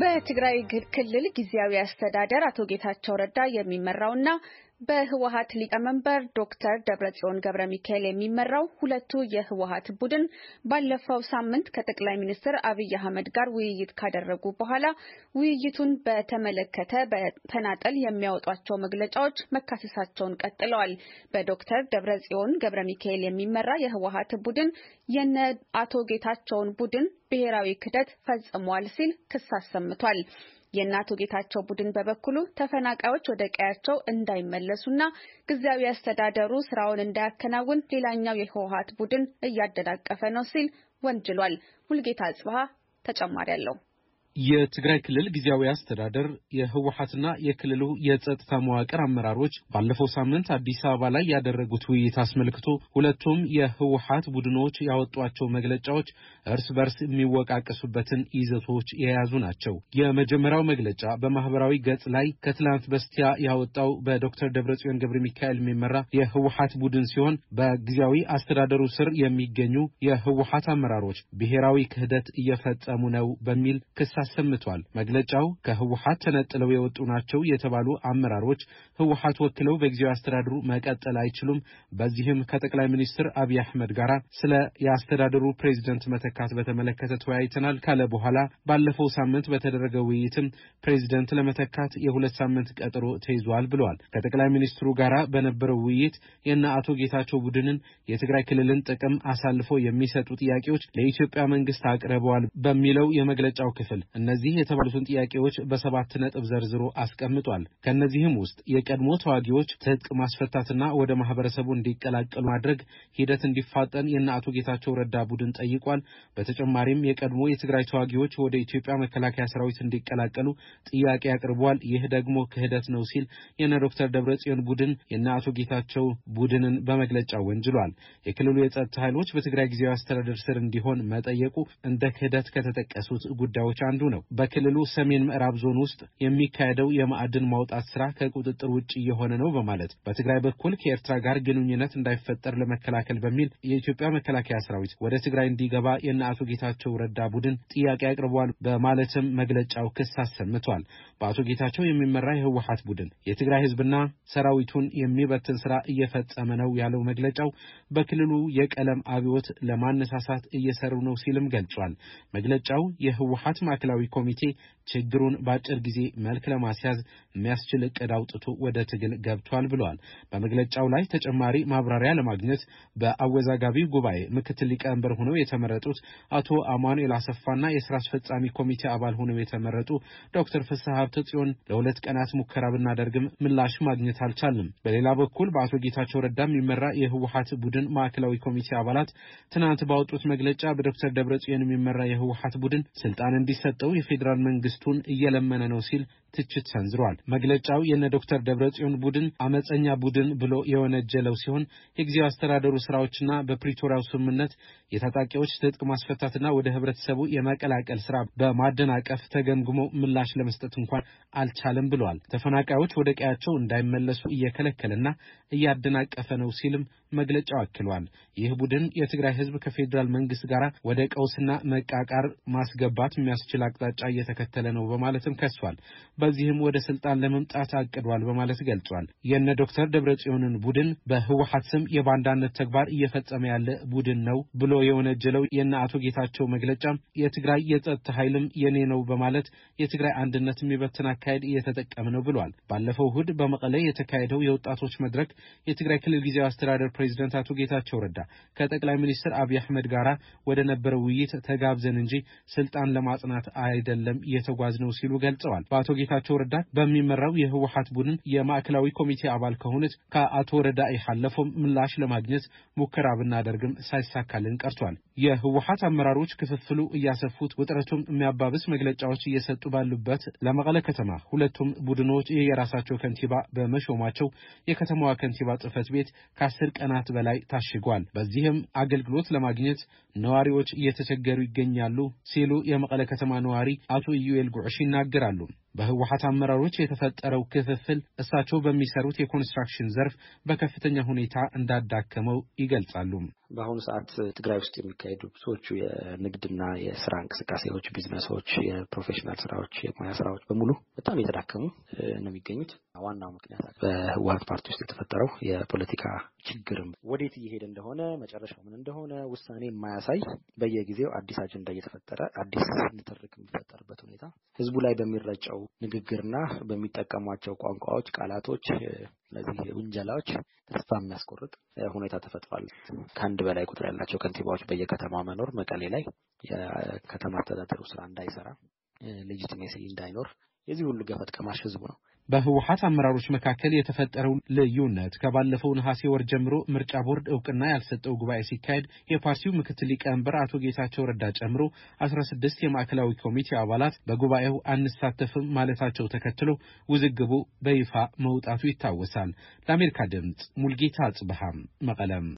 በትግራይ ክልል ጊዜያዊ አስተዳደር አቶ ጌታቸው ረዳ የሚመራውና በህወሀት ሊቀመንበር ዶክተር ደብረጽዮን ገብረ ሚካኤል የሚመራው ሁለቱ የህወሀት ቡድን ባለፈው ሳምንት ከጠቅላይ ሚኒስትር አብይ አህመድ ጋር ውይይት ካደረጉ በኋላ ውይይቱን በተመለከተ በተናጠል የሚያወጧቸው መግለጫዎች መካሰሳቸውን ቀጥለዋል። በዶክተር ደብረጽዮን ገብረ ሚካኤል የሚመራ የህወሀት ቡድን የነ አቶ ጌታቸውን ቡድን ብሔራዊ ክደት ፈጽሟል ሲል ክስ አሰምቷል። የእናቶ ጌታቸው ቡድን በበኩሉ ተፈናቃዮች ወደ ቀያቸው እንዳይመለሱና ጊዜያዊ አስተዳደሩ ስራውን እንዳያከናውን ሌላኛው የህወሀት ቡድን እያደናቀፈ ነው ሲል ወንጅሏል። ሙልጌታ ጽብሃ ተጨማሪ አለው። የትግራይ ክልል ጊዜያዊ አስተዳደር የህወሀትና የክልሉ የጸጥታ መዋቅር አመራሮች ባለፈው ሳምንት አዲስ አበባ ላይ ያደረጉት ውይይት አስመልክቶ ሁለቱም የህወሀት ቡድኖች ያወጧቸው መግለጫዎች እርስ በርስ የሚወቃቀሱበትን ይዘቶች የያዙ ናቸው። የመጀመሪያው መግለጫ በማህበራዊ ገጽ ላይ ከትላንት በስቲያ ያወጣው በዶክተር ደብረጽዮን ገብረ ሚካኤል የሚመራ የህወሀት ቡድን ሲሆን በጊዜያዊ አስተዳደሩ ስር የሚገኙ የህወሀት አመራሮች ብሔራዊ ክህደት እየፈጸሙ ነው በሚል ክሳ አሰምቷል። መግለጫው ከህወሀት ተነጥለው የወጡ ናቸው የተባሉ አመራሮች ህወሀት ወክለው በጊዜው አስተዳደሩ መቀጠል አይችሉም። በዚህም ከጠቅላይ ሚኒስትር አብይ አህመድ ጋር ስለ የአስተዳደሩ ፕሬዚደንት መተካት በተመለከተ ተወያይተናል ካለ በኋላ ባለፈው ሳምንት በተደረገ ውይይትም ፕሬዚደንት ለመተካት የሁለት ሳምንት ቀጠሮ ተይዟል ብለዋል። ከጠቅላይ ሚኒስትሩ ጋር በነበረው ውይይት የእነ አቶ ጌታቸው ቡድንን የትግራይ ክልልን ጥቅም አሳልፈው የሚሰጡ ጥያቄዎች ለኢትዮጵያ መንግስት አቅርበዋል በሚለው የመግለጫው ክፍል እነዚህ የተባሉትን ጥያቄዎች በሰባት ነጥብ ዘርዝሮ አስቀምጧል። ከእነዚህም ውስጥ የቀድሞ ተዋጊዎች ትጥቅ ማስፈታትና ወደ ማህበረሰቡ እንዲቀላቀሉ ማድረግ ሂደት እንዲፋጠን የእነ አቶ ጌታቸው ረዳ ቡድን ጠይቋል። በተጨማሪም የቀድሞ የትግራይ ተዋጊዎች ወደ ኢትዮጵያ መከላከያ ሰራዊት እንዲቀላቀሉ ጥያቄ አቅርቧል። ይህ ደግሞ ክህደት ነው ሲል የነ ዶክተር ደብረጽዮን ቡድን የነ አቶ ጌታቸው ቡድንን በመግለጫ ወንጅሏል። የክልሉ የጸጥታ ኃይሎች በትግራይ ጊዜያዊ አስተዳደር ስር እንዲሆን መጠየቁ እንደ ክህደት ከተጠቀሱት ጉዳዮች አንዱ አንዱ ነው። በክልሉ ሰሜን ምዕራብ ዞን ውስጥ የሚካሄደው የማዕድን ማውጣት ስራ ከቁጥጥር ውጭ እየሆነ ነው በማለት በትግራይ በኩል ከኤርትራ ጋር ግንኙነት እንዳይፈጠር ለመከላከል በሚል የኢትዮጵያ መከላከያ ሰራዊት ወደ ትግራይ እንዲገባ የእነ አቶ ጌታቸው ረዳ ቡድን ጥያቄ አቅርቧል በማለትም መግለጫው ክስ አሰምቷል። በአቶ ጌታቸው የሚመራ የህወሀት ቡድን የትግራይ ህዝብና ሰራዊቱን የሚበትን ስራ እየፈጸመ ነው ያለው መግለጫው በክልሉ የቀለም አብዮት ለማነሳሳት እየሰሩ ነው ሲልም ገልጿል። መግለጫው የህወሀት ማዕከል ማዕከላዊ ኮሚቴ ችግሩን በአጭር ጊዜ መልክ ለማስያዝ የሚያስችል እቅድ አውጥቶ ወደ ትግል ገብቷል ብለዋል። በመግለጫው ላይ ተጨማሪ ማብራሪያ ለማግኘት በአወዛጋቢ ጉባኤ ምክትል ሊቀመንበር ሆነው የተመረጡት አቶ አማኑኤል አሰፋና የስራ አስፈጻሚ ኮሚቴ አባል ሆነው የተመረጡ ዶክተር ፍስሐ ሀብተ ጽዮን ለሁለት ቀናት ሙከራ ብናደርግም ምላሽ ማግኘት አልቻልም። በሌላ በኩል በአቶ ጌታቸው ረዳ የሚመራ የህወሀት ቡድን ማዕከላዊ ኮሚቴ አባላት ትናንት ባወጡት መግለጫ በዶክተር ጽዮን የሚመራ የህወሀት ቡድን ስልጣን እንዲሰጥ እንዲሰጠው የፌዴራል መንግስቱን እየለመነ ነው ሲል ትችት ሰንዝሯል። መግለጫው የነ ዶክተር ደብረጽዮን ቡድን አመፀኛ ቡድን ብሎ የወነጀለው ሲሆን የጊዜው አስተዳደሩ ስራዎችና በፕሪቶሪያው ስምምነት የታጣቂዎች ትጥቅ ማስፈታትና ወደ ህብረተሰቡ የመቀላቀል ስራ በማደናቀፍ ተገምግሞ ምላሽ ለመስጠት እንኳን አልቻለም ብሏል። ተፈናቃዮች ወደ ቀያቸው እንዳይመለሱ እየከለከለና እያደናቀፈ ነው ሲልም መግለጫው አክሏል። ይህ ቡድን የትግራይ ህዝብ ከፌዴራል መንግስት ጋር ወደ ቀውስና መቃቃር ማስገባት የሚያስችል አቅጣጫ እየተከተለ ነው በማለትም ከሷል። በዚህም ወደ ስልጣን ለመምጣት አቅዷል በማለት ገልጿል። የነ ዶክተር ደብረጽዮንን ቡድን በህወሀት ስም የባንዳነት ተግባር እየፈጸመ ያለ ቡድን ነው ብሎ የወነጀለው የነ አቶ ጌታቸው መግለጫ የትግራይ የጸጥታ ኃይልም የኔ ነው በማለት የትግራይ አንድነት የሚበትን አካሄድ እየተጠቀም ነው ብሏል። ባለፈው እሁድ በመቀለ የተካሄደው የወጣቶች መድረክ የትግራይ ክልል ጊዜያዊ አስተዳደር ፕሬዚደንት አቶ ጌታቸው ረዳ ከጠቅላይ ሚኒስትር አብይ አህመድ ጋር ወደ ነበረው ውይይት ተጋብዘን እንጂ ስልጣን ለማጽናት አይደለም የተጓዝ ነው ሲሉ ገልጸዋል። በአቶ ጌታቸው ረዳ በሚመራው የህወሀት ቡድን የማዕከላዊ ኮሚቴ አባል ከሆኑት ከአቶ ረዳ ሀለፎም ምላሽ ለማግኘት ሙከራ ብናደርግም ሳይሳካልን ቀርቷል። የህወሀት አመራሮች ክፍፍሉ እያሰፉት ውጥረቱም የሚያባብስ መግለጫዎች እየሰጡ ባሉበት ለመቀለ ከተማ ሁለቱም ቡድኖች የራሳቸው ከንቲባ በመሾማቸው የከተማዋ ከንቲባ ጽህፈት ቤት ከአስር ቀን ቀናት በላይ ታሽጓል። በዚህም አገልግሎት ለማግኘት ነዋሪዎች እየተቸገሩ ይገኛሉ ሲሉ የመቀለ ከተማ ነዋሪ አቶ ኢዩኤል ጉዕሽ ይናገራሉ። በህወሀት አመራሮች የተፈጠረው ክፍፍል እሳቸው በሚሰሩት የኮንስትራክሽን ዘርፍ በከፍተኛ ሁኔታ እንዳዳከመው ይገልጻሉ። በአሁኑ ሰዓት ትግራይ ውስጥ የሚካሄዱ ብዙዎቹ የንግድና የስራ እንቅስቃሴዎች፣ ቢዝነሶች፣ የፕሮፌሽናል ስራዎች፣ የሙያ ስራዎች በሙሉ በጣም የተዳከሙ ነው የሚገኙት። ዋናው ምክንያት በህወሀት ፓርቲ ውስጥ የተፈጠረው የፖለቲካ ችግርም ወዴት እየሄደ እንደሆነ መጨረሻው ምን እንደሆነ ውሳኔ የማያሳይ በየጊዜው አዲስ አጀንዳ እየተፈጠረ አዲስ ንትርክ የሚፈጠርበት ሁኔታ ህዝቡ ላይ በሚረጨው ንግግርና በሚጠቀሟቸው ቋንቋዎች፣ ቃላቶች እነዚህ ውንጀላዎች ተስፋ የሚያስቆርጥ ሁኔታ ተፈጥሯል። ከአንድ በላይ ቁጥር ያላቸው ከንቲባዎች በየከተማው መኖር መቀሌ ላይ የከተማ አስተዳደሩ ስራ እንዳይሰራ ሌጂቲሜሲ እንዳይኖር የዚህ ሁሉ ገፈት ቀማሽ ህዝቡ ነው። በህወሀት አመራሮች መካከል የተፈጠረው ልዩነት ከባለፈው ነሐሴ ወር ጀምሮ ምርጫ ቦርድ እውቅና ያልሰጠው ጉባኤ ሲካሄድ የፓርቲው ምክትል ሊቀመንበር አቶ ጌታቸው ረዳ ጨምሮ አስራ ስድስት የማዕከላዊ ኮሚቴ አባላት በጉባኤው አንሳተፍም ማለታቸው ተከትሎ ውዝግቡ በይፋ መውጣቱ ይታወሳል። ለአሜሪካ ድምፅ ሙልጌታ አጽብሃም መቀለም